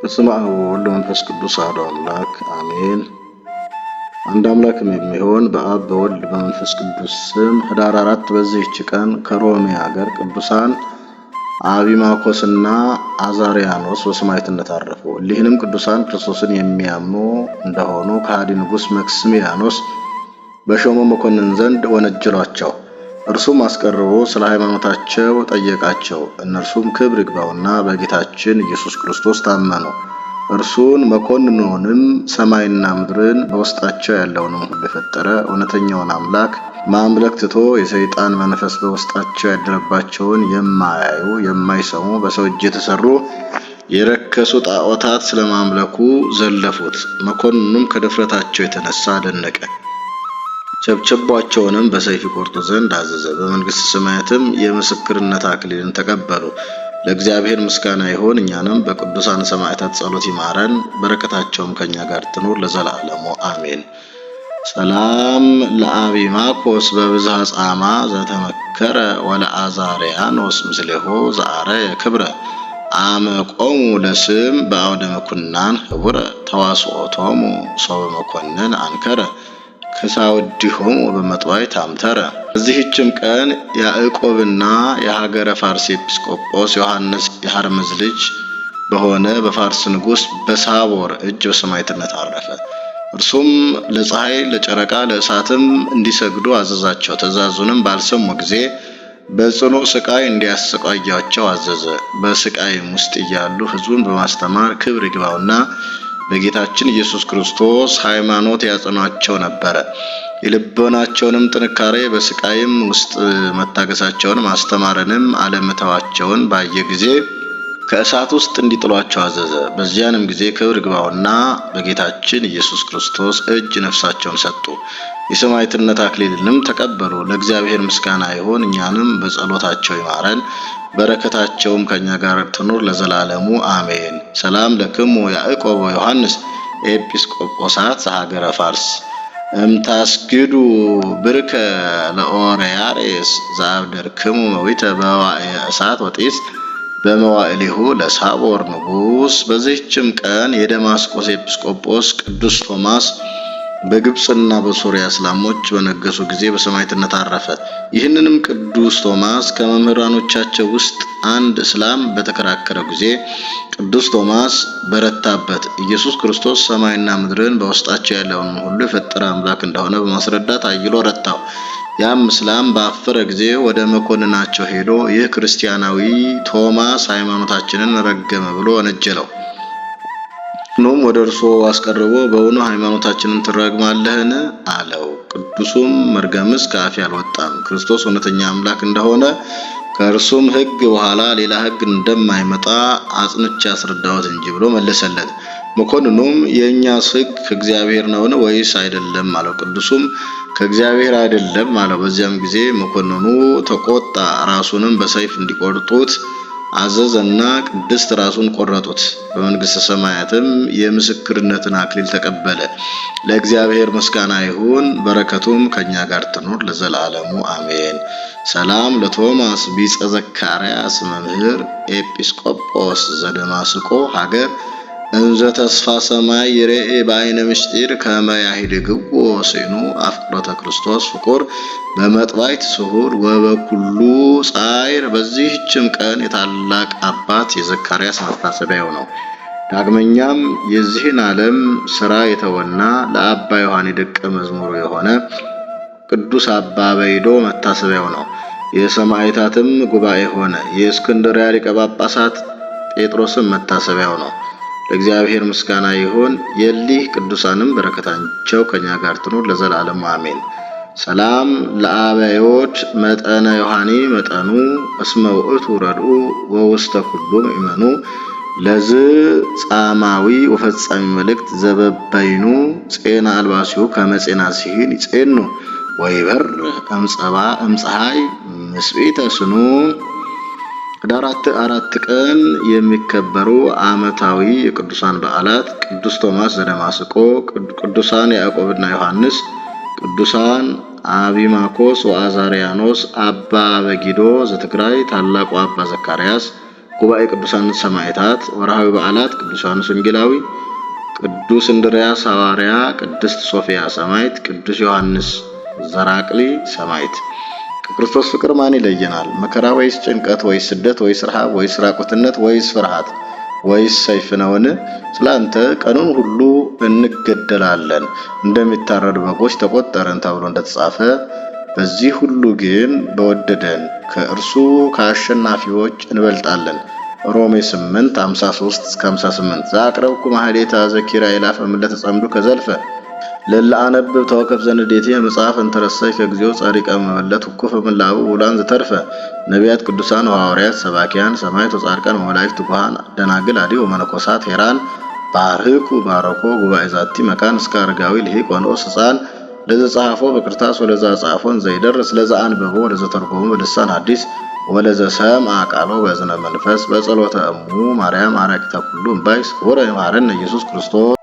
በስመ አብ ወወልድ ወመንፈስ ቅዱስ አሐዱ አምላክ አሜን። አንድ አምላክም የሚሆን በአብ በወልድ በመንፈስ ቅዱስ ስም ኅዳር አራት በዚህች ቀን ከሮሜ አገር ቅዱሳን አቢማኮስና አዛሪያኖስ በሰማዕትነት አረፉ። እሊህንም ቅዱሳን ክርስቶስን የሚያምኑ እንደሆኑ ከሃዲ ንጉሥ መክስሚያኖስ በሾመ መኮንን ዘንድ ወነጀሏቸው። እርሱም አስቀርቦ ስለ ሃይማኖታቸው ጠየቃቸው። እነርሱም ክብር ይግባውና በጌታችን ኢየሱስ ክርስቶስ ታመኑ። እርሱን መኮንኑንም ሰማይና ምድርን በውስጣቸው ያለውንም ሁሉ የፈጠረ እውነተኛውን አምላክ ማምለክ ትቶ የሰይጣን መንፈስ በውስጣቸው ያደረባቸውን የማያዩ የማይሰሙ በሰው እጅ የተሰሩ የረከሱ ጣዖታት ስለማምለኩ ዘለፉት። መኮንኑም ከድፍረታቸው የተነሳ አደነቀ። ቸብቸባቸውንም በሰይፍ ይቆርጡ ዘንድ አዘዘ። በመንግሥተ ሰማያትም የምስክርነት አክሊልን ተቀበሉ። ለእግዚአብሔር ምስጋና ይሁን። እኛንም በቅዱሳን ሰማዕታት ጸሎት ይማረን፣ በረከታቸውም ከእኛ ጋር ትኑር ለዘላለሙ አሜን። ሰላም ለአቢማኮስ በብዝሃ ጻማ ዘተመከረ ወለአዛርያኖስ ምስሌሆ ዘአረ የክብረ አመ ቆሙ ለስም በአውደ መኩናን ህቡረ ተዋስኦቶሙ ሰው በመኮንን አንከረ ከሳውዲሆሙ በመጥዋይ ታምተረ። በዚህችም ቀን ያዕቆብና የሀገረ ፋርስ ኤጲስቆጶስ ዮሐንስ የሐርምዝ ልጅ በሆነ በፋርስ ንጉሥ በሳቦር እጅ በሰማዕትነት አረፈ። እርሱም ለፀሐይ፣ ለጨረቃ፣ ለእሳትም እንዲሰግዱ አዘዛቸው። ትእዛዙንም ባልሰሙ ጊዜ በጽኑ ስቃይ እንዲያሰቃያቸው አዘዘ። በስቃይም ውስጥ እያሉ ሕዝቡን በማስተማር ክብር ይግባውና በጌታችን ኢየሱስ ክርስቶስ ሃይማኖት ያጸኗቸው ነበረ። የልቦናቸውንም ጥንካሬ በስቃይም ውስጥ መታገሳቸውን ማስተማርንም አለመተዋቸውን ባየ ጊዜ ከእሳት ውስጥ እንዲጥሏቸው አዘዘ። በዚያንም ጊዜ ክብር ግባውና በጌታችን ኢየሱስ ክርስቶስ እጅ ነፍሳቸውን ሰጡ። የሰማዕትነት አክሊልንም ተቀበሉ። ለእግዚአብሔር ምስጋና ይሁን፣ እኛንም በጸሎታቸው ይማረን፣ በረከታቸውም ከእኛ ጋር ትኑር ለዘላለሙ አሜን። ሰላም ለክሙ ያዕቆብ ወዮሐንስ ኤጲስቆጶሳት ሀገረ ፋርስ እምታስግዱ ብርከ ለኦርያሬስ ክሙ መዊተ በዋዕየ እሳት ወጢስ በመዋእሊሁ ለሳቦር ንጉስ በዚህችም ቀን የደማስቆስ ኤጲስቆጶስ ቅዱስ ቶማስ በግብፅና በሶሪያ እስላሞች በነገሱ ጊዜ በሰማዕትነት አረፈ። ይህንንም ቅዱስ ቶማስ ከመምህራኖቻቸው ውስጥ አንድ እስላም በተከራከረው ጊዜ ቅዱስ ቶማስ በረታበት። ኢየሱስ ክርስቶስ ሰማይና ምድርን በውስጣቸው ያለውን ሁሉ የፈጠረ አምላክ እንደሆነ በማስረዳት አይሎ ረታው። ያም እስላም በአፈረ ጊዜ ወደ መኮንናቸው ሄዶ ይህ ክርስቲያናዊ ቶማስ ሃይማኖታችንን ረገመ ብሎ ወነጀለው። ኑም ወደ እርሱ አስቀርቦ በእውኑ ሃይማኖታችንን ትረግማለህን አለው። ቅዱሱም መርገምስ ከአፌ አልወጣም፣ ክርስቶስ እውነተኛ አምላክ እንደሆነ ከእርሱም ሕግ በኋላ ሌላ ሕግ እንደማይመጣ አጽንቼ አስረዳሁት እንጂ ብሎ መለሰለት። መኮንኑም የእኛስ ሕግ ከእግዚአብሔር ነውን ወይስ አይደለም አለው። ቅዱሱም ከእግዚአብሔር አይደለም አለው። በዚያም ጊዜ መኮንኑ ተቆጣ፣ ራሱንም በሰይፍ እንዲቆርጡት አዘዘና ቅድስት ራሱን ቆረጡት። በመንግሥተ ሰማያትም የምስክርነትን አክሊል ተቀበለ። ለእግዚአብሔር ምስጋና ይሁን፣ በረከቱም ከእኛ ጋር ትኖር ለዘላለሙ አሜን። ሰላም ለቶማስ ቢጸ ዘካርያስ መምህር ኤጲስቆጶስ ዘደማስቆ ሀገር እንዘ ተስፋ ሰማይ ይርኤ በአይነ ምስጢር ከመ ያሂድግዎ ሲኑ አፍቅሮተ ክርስቶስ ፍቁር በመጥባይት ስሁር ወበኩሉ ጻይር። በዚህችም ቀን የታላቅ አባት የዘካርያስ መታሰቢያው ነው። ዳግመኛም የዚህን ዓለም ሥራ የተወና ለአባ ዮሐን ደቀ መዝሙሩ የሆነ ቅዱስ አባ በይዶ መታሰቢያው ነው። የሰማዕታትም ጉባኤ ሆነ። የእስክንድርያ ሊቀ ጳጳሳት ጴጥሮስም መታሰቢያው ነው። ለእግዚአብሔር ምስጋና ይሁን። የሊህ ቅዱሳንም በረከታቸው ከኛ ጋር ትኑር ለዘላለሙ አሜን። ሰላም ለአበዮች መጠነ ዮሐኒ መጠኑ እስመ ውእቱ ረድኡ ወውስተ ኩሉም ይመኑ ለዝ ጻማዊ ወፈጻሚ መልእክት ዘበበይኑ ጼና አልባሲሁ ከመጼና ሲህን ይጼኑ ወይበር እምፀባ እምፀሐይ ምስቢተ ስኑ ህዳር አራት ቀን የሚከበሩ ዓመታዊ የቅዱሳን በዓላት ቅዱስ ቶማስ ዘደማስቆ፣ ቅዱሳን ያዕቆብና ዮሐንስ፣ ቅዱሳን አቢማኮስ ወአዛርያኖስ፣ አባ በጊዶ ዘትግራይ፣ ታላቁ አባ ዘካርያስ፣ ጉባኤ ቅዱሳን ሰማዕታት። ወርሃዊ በዓላት ቅዱስ ዮሐንስ ወንጌላዊ፣ ቅዱስ እንድርያስ ሐዋርያ፣ ቅድስት ሶፊያ ሰማዕት፣ ቅዱስ ዮሐንስ ዘራቅሊ ሰማዕት። ከክርስቶስ ፍቅር ማን ይለየናል? መከራ ወይስ ጭንቀት ወይስ ስደት ወይስ ረሃብ ወይስ ራቁትነት ወይስ ፍርሃት ወይስ ሰይፍ ነውን? ስለ አንተ ቀኑን ሁሉ እንገደላለን፣ እንደሚታረዱ በጎች ተቆጠረን ተብሎ እንደተጻፈ በዚህ ሁሉ ግን በወደደን ከእርሱ ከአሸናፊዎች እንበልጣለን። ሮሜ 8 53 እስከ 58 ዘአቅረብኩ ማህሌታ ዘኪራ ይላፈ ምለተጸምዱ ከዘልፈ ለለአነብብ ተወከፍ ዘንድ ዴቴ መጽሐፍ እንተረሳይ ከጊዜው ጻሪቀ መመለት እኩፍ ምላቡ ውላን ዝተርፈ ነቢያት፣ ቅዱሳን ሐዋርያት፣ ሰባኪያን ሰማይ ተጻድቃን ወመላእክት ትጉሃን ደናግል አዲ ወመነኮሳት ሄራን ባርህቁ ባረኮ ጉባኤ ዛቲ መካን እስከ አርጋዊ ልሂቅ ወንኦስ ሕፃን ለዘጸሐፎ በቅርታስ ወለዛ ጻፎን ዘይደርስ ለዛ አንብቦ ወለዘ ተርጎሙ በልሳን አዲስ ወለዘ ሰምዐ ቃሎ በእዝነ መንፈስ በጸሎተ እሙ ማርያም አራቂተ ኩሉ እምባይ ስቡረ ይምሃረነ ኢየሱስ ክርስቶስ